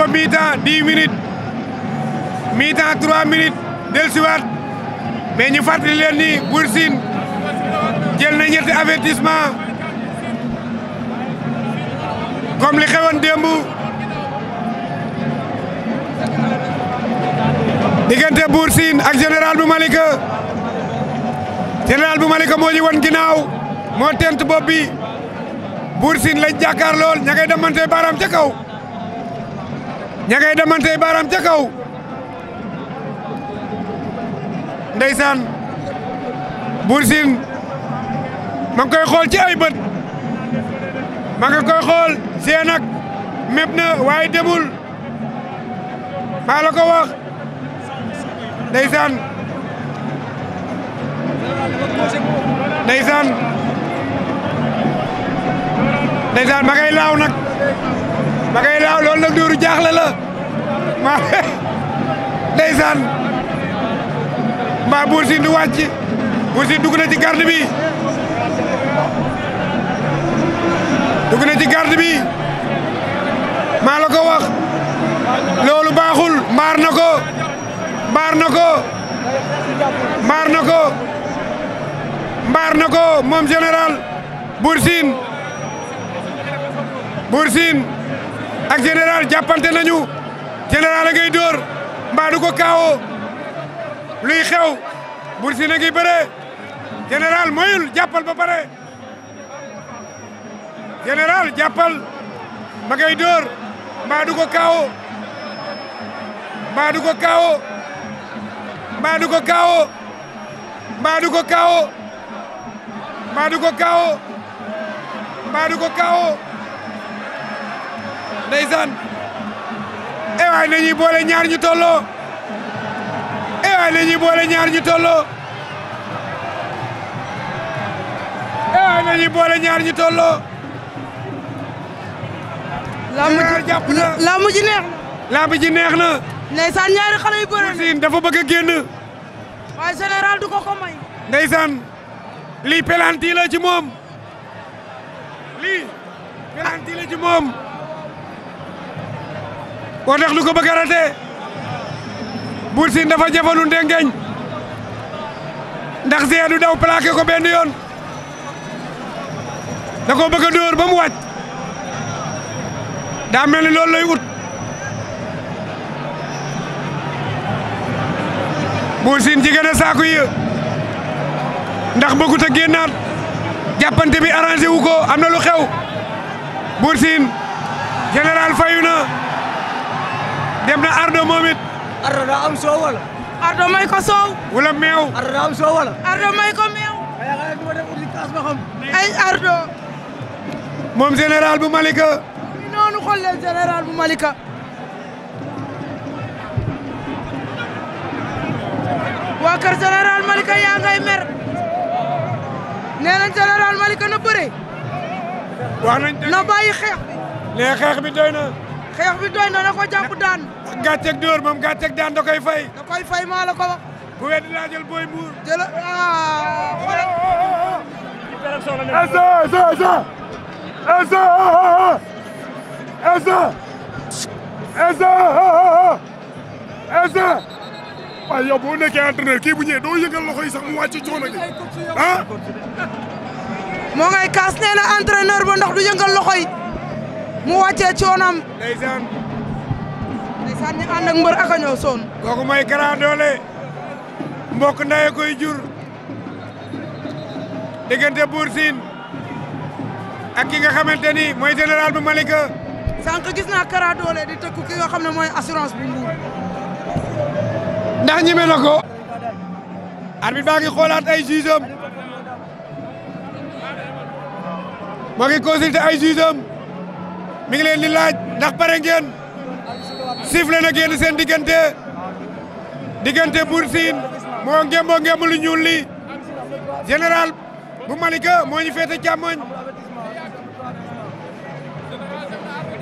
ba mi-temps 10 minutes mi-temps 3 minutes dellusiwaat mais ñu fàttali leen ni Bour Sine jël na ñetti avertissement comme li xewoon démb diggante Bour siin ak général bu Malika général bu Malika moo ñu won ginnaaw moo tent bopp bi Bour Sine lañ jàkkaar lool ña ngay demante baaraam ca kaw ña ngay damantey baaraam ca kaw ndeysaan Bour Sine ma ngi koy xool ci ay bët ma nga koy xool seen ak méb demul maa la ko wax ndeysaan ndeysaan ndeysaan ma ngay laaw nag ma ngay daaw loolu nag Dóoru jaaxle la ma ndeysaan mbaa Buur Sine du wàcc Buur Sine dugg na ci garde bi dugg na ci garde bi maa ko wax loolu baaxul mbaar na ko mbaar na ko mbaar na ko mbaar na ko moom général Buur Sine Buur Sine ak général jàppante nañu général a ngay dóor mbaa du ko kaawoo luy xew Bour Sine a ngi bëre général moyul jàppal ba pare général jàppal ma ngay dóor mbaa du ko kaawoo mbaa du ko kaawoo mbaa du ko kaawoo mbaa du ko kaawoo mbaa du ko kaawoo mbaa du ko kaawoo ndeysaan e waay nañuy boole ñaar ñu tolloo e waay nañuy ñaar ñu tolloo e waay nañuy boole ñaar ñu tolloo ñaar jàpp na lamb neex na lamb ji ñaari xale yu bëre Boursin dafa bëgg a génn waaye général du ko ko may ndeysaan lii pelanti la ci moom lii pelanti la ci moom moo tax lu ko bëgg a raté Bour Sine dafa jëfandu ndengeñ ndax Zia du daw plaqué ko benn yoon da ko bëgg a dóor ba mu wàcc daa mel ni loolu lay ut Bour Sine jigéen a saaku yi ndax bëggut a jàppante bi arrangé wu ko am na lu xew Bour Sine général fayu na dem na Ardo moom it. Ardo daa am soow wala. Ardo may ko soow. wala meew. Ardo daa am soow wala. Ardo may moom général bu Malika. noonu xool leen bu Malika. waa kër général Malika yaa ngay mer. nee nañ Malika na bëre. na bàyyi xeex bi. nee xeex bi doy na. xeex bi doy na na ko jàpp daan. ndax gàcceeg dóor moom gàcceeg daan da koy fay. da koy fay maa la ko wax. bu wér di laa jël booy mbuur. jël ah. Essa Essa Essa. Essa Essa. Essa Essa. waaye yow boo nekkee entraîneur kii bu ñëwee doo yëngal loxo yi sax mu wàcc coono gi ah. moo ngay kaas nee na entraîneur ba ndax du yëngal loxo yi. mu wàccee coonam. ndeysaan. ndeysaan ñu ànd ak mbër ak a ñëw sonn. kooku mooy Kara Dollé mbokk ndaye koy jur diggante Bour Sine ak ki nga xamante ni mooy général bu Malika. sànq gis naa Kara Dollé di tëkku ki nga xam ne mooy assurance bi mbuur ndax ñime na ko. arbitre baa ngi xoolaat ay jugeem moo ngi consulté ay jugeem. mi ngi leen di laaj ndax pare ngeen sifflé na génn seen diggante diggante Bour Sine moo ngémboo ngémb ñuul li général bu Malika moo ñu féete càmmoñ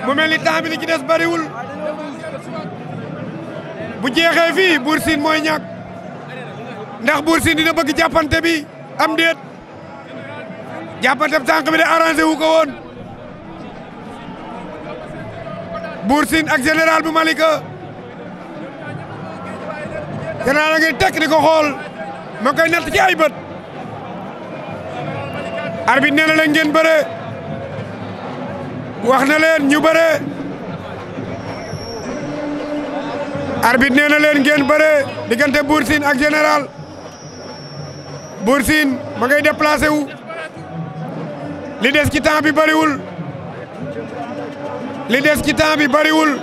mu mel ni temps bi li ci des bariwul bu jeexee fii Bour mooy ñàkk ndax Bour Sine dina bëgg jàppante bi am déet jàppante tànk bi de arrangé wu ko woon Bour siin ak général bu Malika général a ngi ko xool ma koy natt ci ay bët arbitre nee na leen ngeen bëre wax na leen ñu bëre arbitre nee leen ngeen bëre diggante Bour Sine ak général Bour Sine ma ngay déplacé wu li des ci temps bi bëriwul li des ci temps bi bariwul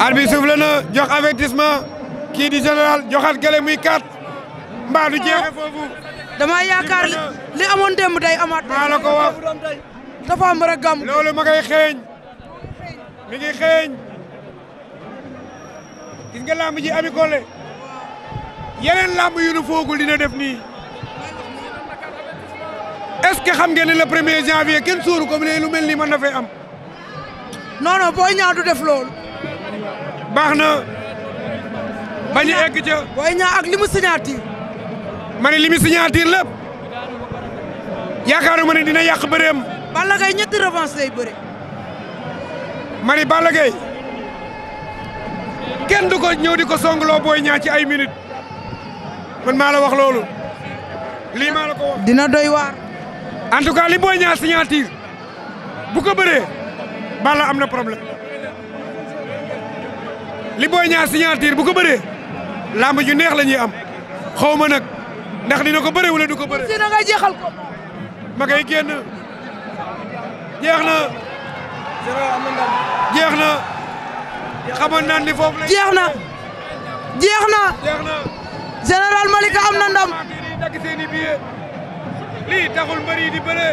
arbitre souffle na jox avertissement kii di général joxaat gële muy quatre mbaa du dama yaakaar li amoon démb day amaat maa ko wax dafa rek gam loolu ma xeeñ mi ngi xeeñ gis làmb ji Ami Collé yeneen làmb yu nu foogul dina def nii est xam ngeen ne le premier janvier kenn suuru ko mu ne lu mel nii mën na fay am non non Boy Niang du def loolu. na. bañ a egg ca. Boy Niang ak li mu signature. ma ne li mu signature lépp. yaakaaruma dina yàq bëreem. Balla Gaye ñetti revanche mari bëre. ma kenn du ko ñëw di ko songloo Boy Niang ci ay minutes man maa la wax loolu lii maa la dina doy waar. en tout cas li Boy Niang signature bu ko bëree. Balla am na problème li Boy Niang signature bu ko bëree ju neex la ñuy am xaw ma nag ndax dina ko bëree wala du ko bëree. si da ngay jeexal ko. ma koy génn jeex na. jeex na. xamoon naa ni foofu la. jeex na jeex na. jeex na. général Malika am na ndam. lii taxul mbër yi di bëree.